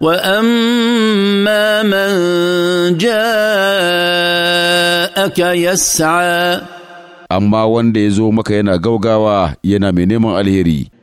واما من جاءك يسعى amma wanda ya zo maka yana gaugawa yana mai neman alheri